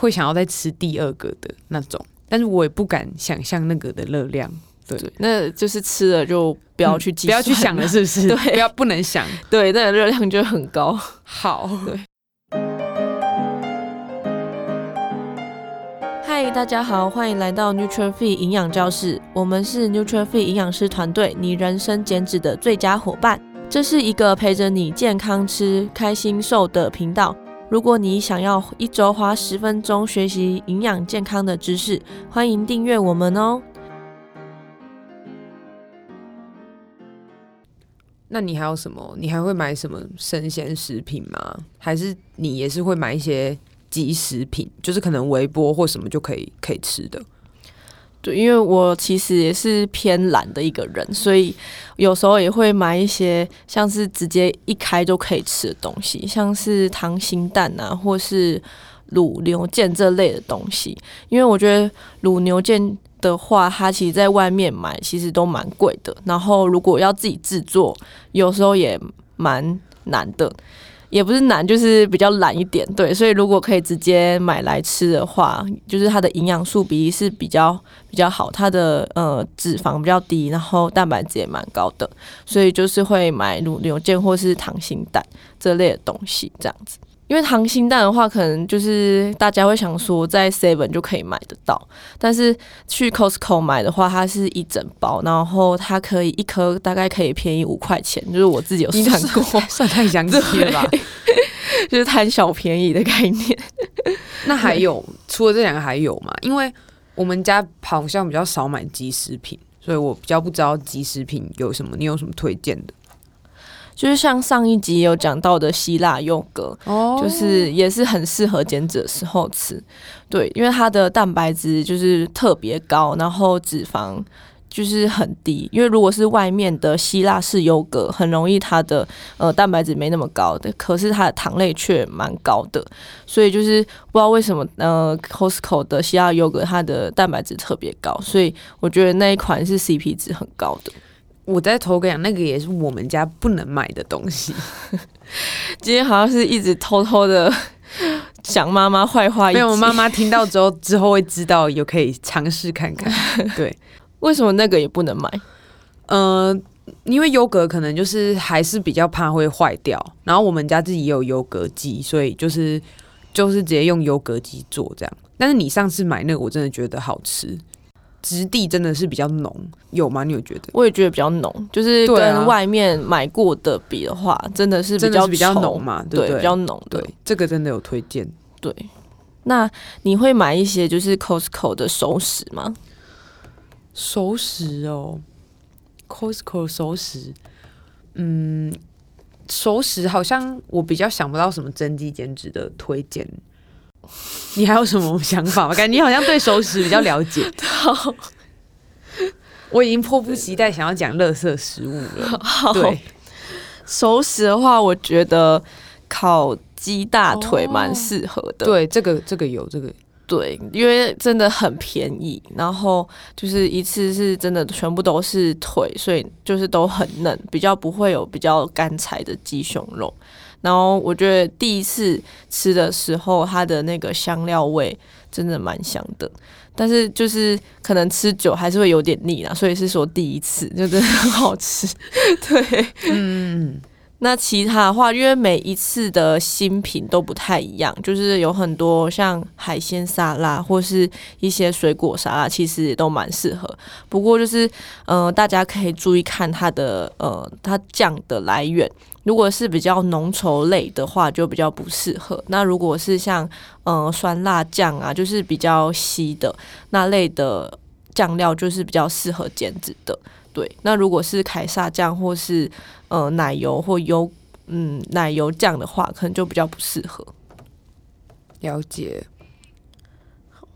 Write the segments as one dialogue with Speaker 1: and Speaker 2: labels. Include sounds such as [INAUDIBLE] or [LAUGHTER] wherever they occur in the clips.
Speaker 1: 會想要再吃第二個的那種，但是我也不敢想象那個的熱量，對。對，
Speaker 2: 那就是吃了就不要去、嗯、不要去想了，是不是？對。對，不要不能想。對，那個熱量就很高。好。對。嗨，大家好，歡迎來到 nuturefit 營養教室。我們是 nuturefit 營養師團隊，你人生減脂的最佳夥伴。這是一個陪着你健康吃、開心瘦的頻道。如果你想要一週花十分鐘學習營養健康的知識，歡迎訂閱我們哦、喔。
Speaker 1: 那你還有什麼？你還會買什麼生鮮食品嗎？還是你也是會買一些即食品，就是可能微波或什麼就可以可以吃的？對，因為我其實也是
Speaker 2: 偏懶的一個人，所以有時候也會買一些像是直接一開就可以吃的東西，像是溏心蛋啊，或是滷牛腱這類的東西。因為我覺得滷牛腱的話，它其實在外面買其實都蠻貴的，然後如果要自己製作，有時候也蠻難的。也不是難，就是比較懶一點，對，所以如果可以直接買來吃的話，就是它的營養素比例是比較比較好，它的呃脂肪比較低，然後蛋白質也蠻高的，所以就是會買滷牛腱或是溏心蛋這類的東西這樣子。因為溏心蛋的話，可能就是大家會想說在 Seven 就可以買得到，但是去 Costco 買的話，它是一整包，然後它可以一顆大概可以便宜五塊錢，就是我自己有算過，
Speaker 1: 算太詳細了吧？就是貪小便宜的概念。 [LAUGHS] 那還有除了這兩個還有嗎？因為我們家好像比較少買即食品，所以我比較不知道即食品有什麼，你有什麼推薦的？就是像上
Speaker 2: 一集有講到的希臘優格，oh. 就是也是很適合減脂的時候吃。對，因為它的蛋白質就是特別高，然後脂肪就是很低。因為如果是外面的希臘式優格，很容易它的呃蛋白質沒那麼高的，可是它的糖類卻蠻高的。所以就是不知道為什麼呃 Costco 的希臘優格它的蛋白質特別高，所以我覺得那一款是 CP 值很高的。我在偷講，那個也是我們家不能買的東西。 [LAUGHS] 今天好像是一直偷偷的講媽媽壞話，因為我媽媽
Speaker 1: 聽到之後， [LAUGHS] 之後會知道，有可以嘗試看看。對，為什麼那個也不能買？嗯、呃，因為優格可能就是還是比較怕會壞掉。然後我們家自己也有優格機，所以就是就是直接用優格機做這樣。但是你上次買那個，我真的覺得好吃。質地真的是比較濃，有嗎？你有覺得？我也覺得比較濃，就是跟外面買過的比的話，啊、真
Speaker 2: 的是比較是比較濃嘛？對，比較濃。
Speaker 1: 對，這個真的有推薦。對，
Speaker 2: 那你會買一些就是 Costco 的熟食嗎？熟食
Speaker 1: 哦，Costco 熟食，嗯，熟食好像我比較想不到什麼增肌減脂的推薦。你還有什麼想法嗎？感覺你好像對熟食比較了解。我已經迫不及待想要講垃圾食物了。對熟食的
Speaker 2: 話，我覺得烤雞大腿蠻適合的。對，這個這個有這個對，因為真的很便宜。然後就是一次是真的全部都是腿，所以就是都很嫩，比較不會有比較乾柴的雞胸肉。然後我覺得第一次吃的時候，它的那個香料味真的蠻香的，但是就是可能吃久還是會有點膩啦、啊，所以是說第一次就真的很好吃。 [LAUGHS] 對，嗯，那其他的話，因為每一次的新品都不太一樣，就是有很多像海鮮沙拉或是一些水果沙拉，其實也都蠻適合。不過就是嗯、呃，大家可以注意看它的呃，它醬的來源。如果是比較濃稠類的話，就比較不適合。那如果是像嗯、呃、酸辣醬啊，就是比較稀的那類的醬料，就是比較適合減脂的。對，那如果是凱撒醬或是呃奶油或油嗯奶油醬的話，可能就比較不適合。了解。好。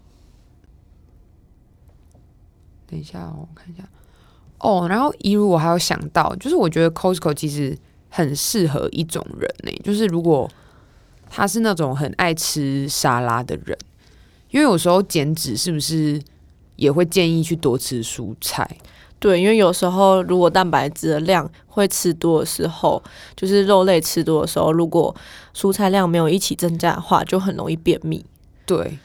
Speaker 1: 等一下哦，我看一下。哦，然後一如我還有想到，就是我覺得 Costco 其實。很適合一種人呢，欸，就是如果他是那種很愛吃沙拉的人，因為有時候減脂是不是也會建議去多吃蔬菜？
Speaker 2: 對，因為有時候如果蛋白質的量會吃多的時候，就是肉類
Speaker 1: 吃多的時候，如果蔬菜量沒有一起增加的話，就很容易便秘。對，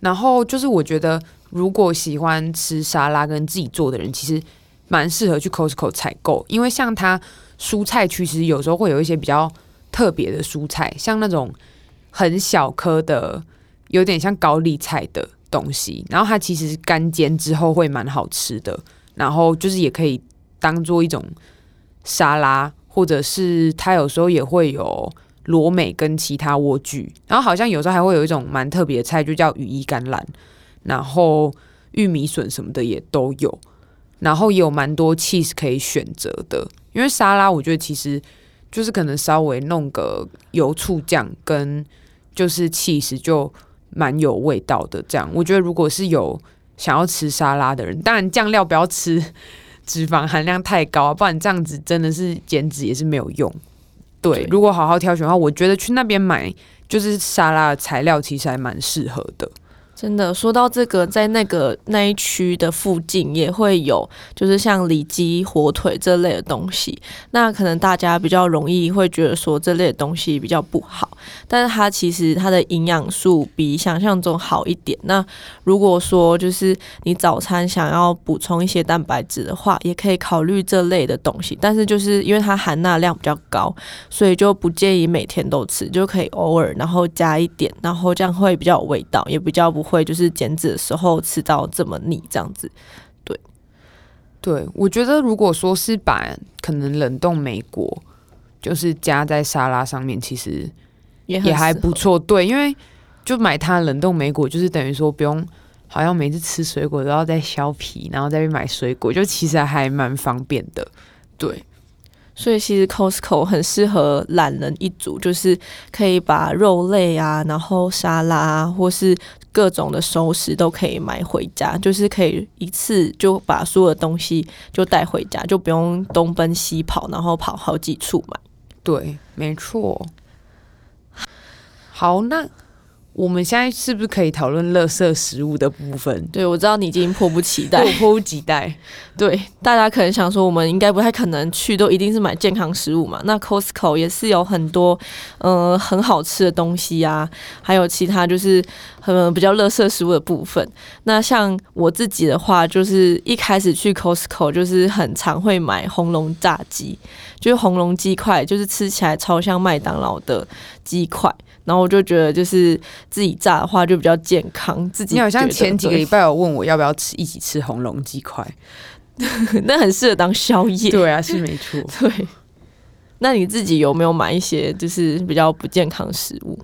Speaker 1: 然後就是我覺得如果喜歡吃沙拉跟自己做的人，其實蠻適合去 Costco 採購，因為像他。蔬菜區其實有時候會有一些比較特別的蔬菜，像那種很小顆的，有點像高麗菜的東西。然後它其實乾煎之後會蠻好吃的，然後就是也可以當做一種沙拉，或者是它有時候也會有羅美跟其他萵苣。然後好像有時候還會有一種蠻特別的菜，就叫羽衣甘藍。然後玉米筍什麼的也都有，然後也有蠻多 cheese 可以選擇的。因為沙拉，我覺得其實就是可能稍微弄個油醋醬跟就是起司就蠻有味道的。這樣，我覺得如果是有想要吃沙拉的人，當然醬料不要吃脂肪含量太高啊，不然這樣子真的是減脂也是沒有用，對。對，如果好好挑選的話，我覺得去那邊買就是沙拉的材料，其實還蠻適合的。真的
Speaker 2: 說到這個，在那個那一區的附近也會有，就是像里脊、火腿這類的東西。那可能大家比較容易會覺得說，這類的東西比較不好，但是它其實它的營養素比想象中好一點。那如果說就是你早餐想要補充一些蛋白質的話，也可以考慮這類的東西。但是就是因為它含鈉量比較高，所以就不建議每天都吃，就可以偶爾然後加一點，然後這樣會比較有味道，
Speaker 1: 也比較不。會就是減脂的時候吃到這麼膩這樣子，對，對我覺得如果說是把可能冷凍莓果就是加在沙拉上面，其實也還不錯，對，因為就買它冷凍莓果，就是等於說不用好像每次吃水果都要再削皮，然後再去買水果，就其實還蠻方便的，對。所以其實 Costco 很適合
Speaker 2: 懶人一族，就是可以把肉類啊，然後沙拉啊，或是各種的熟食都可以買回家，就是可以一次就把所有東西就帶回家，就不用東奔西跑，然後跑好幾處嘛。對，
Speaker 1: 沒錯。好，那。我們現在是不是可以討論垃圾食物的部分？對，我知道你已經迫不及待。迫 [LAUGHS] 不及待。
Speaker 2: 對，大家可能想說，我們應該不太可能去都一定是買健康食物嘛？那 Costco 也是有很多，嗯、呃，很好吃的東西啊，還有其他就是，嗯、呃，比較垃圾食物的部分。那像我自己的話，就是一開始去 Costco，就是很常會買紅龍炸雞，就是紅龍雞塊，就是吃起來超像麥當勞的雞塊。然後我就覺得，就是自己炸的話就比較健康。自己你好像前幾個禮拜有問我要不要吃一起吃紅龍雞塊， [LAUGHS] 那很適合當宵夜。對啊，是沒錯。對，那你自己有沒有買
Speaker 1: 一些就是比較不健康食物？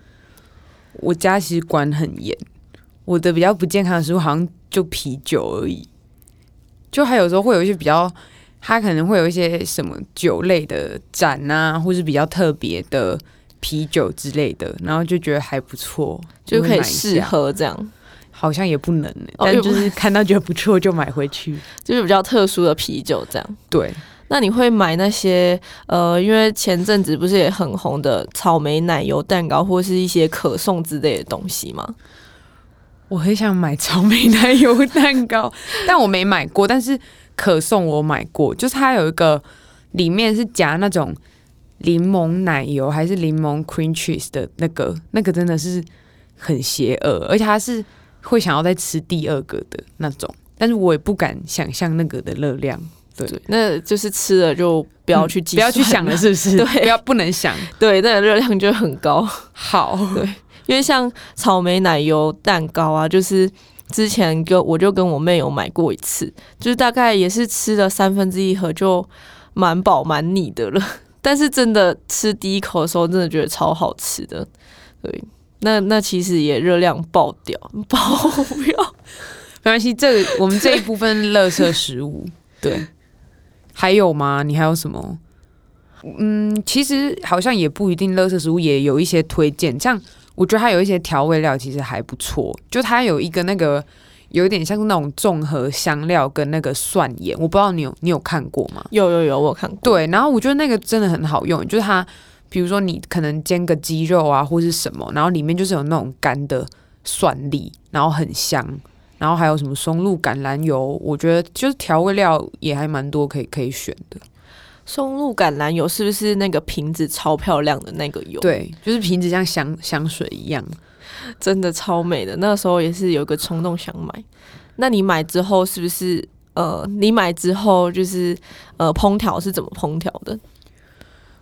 Speaker 1: 我家其實管很嚴，我的比較不健康的食物好像就啤酒而已。就還有時候會有一些比較，他可能會有一些什麼酒類的展啊，或是比較特別的。啤酒之類的，然後就覺得還不錯，就可以試喝。這樣好像也不能、欸哦，但就是
Speaker 2: 看到覺得不錯就買回去， [LAUGHS] 就是比較特殊的啤酒這樣。對，那你會買那些呃，因為前陣子不是也很紅的草莓奶油蛋糕，或是一些可頌之類的東西嗎？
Speaker 1: 我很想買草莓奶油蛋糕， [LAUGHS] 但我沒買過。但是可頌我買過，就是它有一個裡面是夾那種。檸檬奶油還是檸檬 cream cheese 的那個，那個真的是很邪惡，而且他是會想要再吃第二個的那種，但是我也不敢想象那個的熱量。對。對，那
Speaker 2: 就是吃了就不要去計、嗯、不要去想了，是不是？對，不要，不能想。對，那個熱量就很高。好，對，因為像草莓奶油蛋糕啊，就是之前就我就跟我妹有買過一次，就是大概也是吃了三分之一盒就蠻飽蠻膩的了。但是真的吃第一口的時候，真的覺得超好吃的，對，那那其實也熱量爆掉，
Speaker 1: 爆掉， [LAUGHS] 沒關係，這我們這一部分垃圾食物，對，對，還有嗎？你還有什麼？嗯，其實好像也不一定，垃圾食物也有一些推薦，像我覺得它有一些調味料其實還不錯，就它有一個那個。有一點像是那種綜合香料跟那個蒜鹽，我不知道你有你有看過嗎？有有有，我有看過。對，然後我覺得那個真的很好用，就是它，比如說你可能煎個雞肉啊或是什麼，然後裡面就是有那種乾的蒜粒，然後很香，然後還有什麼松露橄欖油，我覺得就是調味料也還蠻多可以可以選的。松露橄欖油是不是那個瓶子超漂
Speaker 2: 亮的那個油？對，就是瓶子像香香水一樣。真的超美的，那時候也是有一個衝動想買。那你買之後是不是呃，你買之
Speaker 1: 後就是呃，烹調是怎麼烹調的？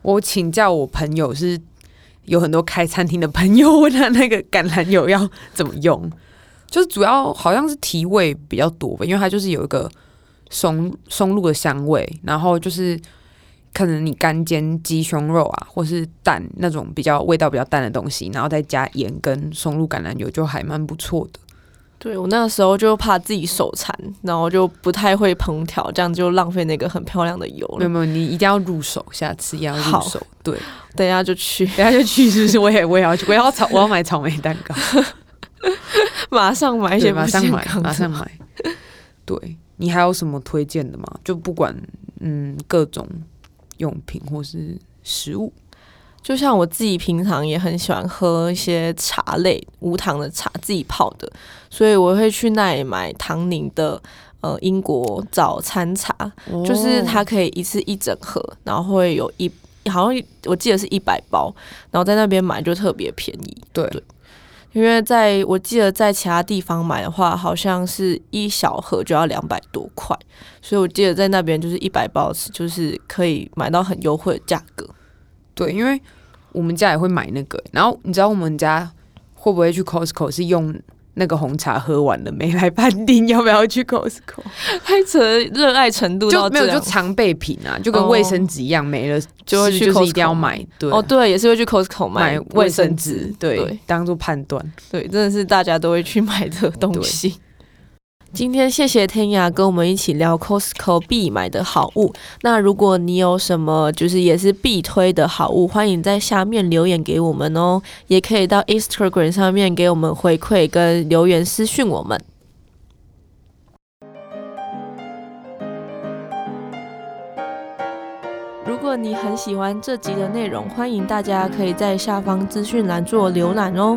Speaker 1: 我請教我朋友，是有很多開餐廳的朋友問他那個橄欖油要怎麼用， [LAUGHS] 就是主要好像是提味比較多吧，因為它就是有一個松松露的香味，然後就是。可能你乾煎雞胸肉啊，或是蛋那種比較味道比較淡的東西，然後再加鹽跟松露橄欖油，就還蠻不錯的。
Speaker 2: 對，我那時候就怕自己手殘，然後就不太會烹調，這樣就浪費那個很漂亮的油。沒有沒有，你一定要入手，下次一定要入手。對，等一下
Speaker 1: 就去，等一下就去，是不是我？我也我也要去， [LAUGHS] 我要草我要買草莓蛋糕， [LAUGHS] 馬上買一些，馬上買，馬上買。 [LAUGHS] 對，你還有什麼推薦的嗎？就不管嗯各種。用品、或是食物，
Speaker 2: 就像我自己平常也很喜歡喝一些茶類，無糖的茶，自己泡的，所以我會去那裡買唐寧的呃英國早餐茶，哦，就是它可以一次一整盒，然後會有一好像一我記得是一百包，然後在那邊買就特別便宜，對。對因為在我記得在其他地方買的話，好像是一小盒就要兩百多塊，所以我記得在
Speaker 1: 那邊就是一百包子，就是可以買到很優惠的價格。對，因為我們家也會買那個，然後你知道我們家會不會去 Costco 是用？那個紅茶喝完了沒，來判定要不要去 Costco，
Speaker 2: 拍成熱愛程度就沒有，就常
Speaker 1: 備品啊，就跟衛生紙一樣、oh, 沒了就會去 Costco、就是、一定要買，對哦、oh,
Speaker 2: 對，也是會去 Costco 買衛生紙，
Speaker 1: 對，當做判斷，
Speaker 2: 對，真的是大家都會去買的東西。今天謝謝天涯跟我們一起聊 Costco 必買的好物。那如果你有什麼就是也是必推的好物，歡迎在下面留言給我們哦。也可以到 Instagram 上面給我們回饋跟留言私訊我們。如果你很喜歡這集的內容，歡迎大家可以在下方資訊欄做瀏覽哦。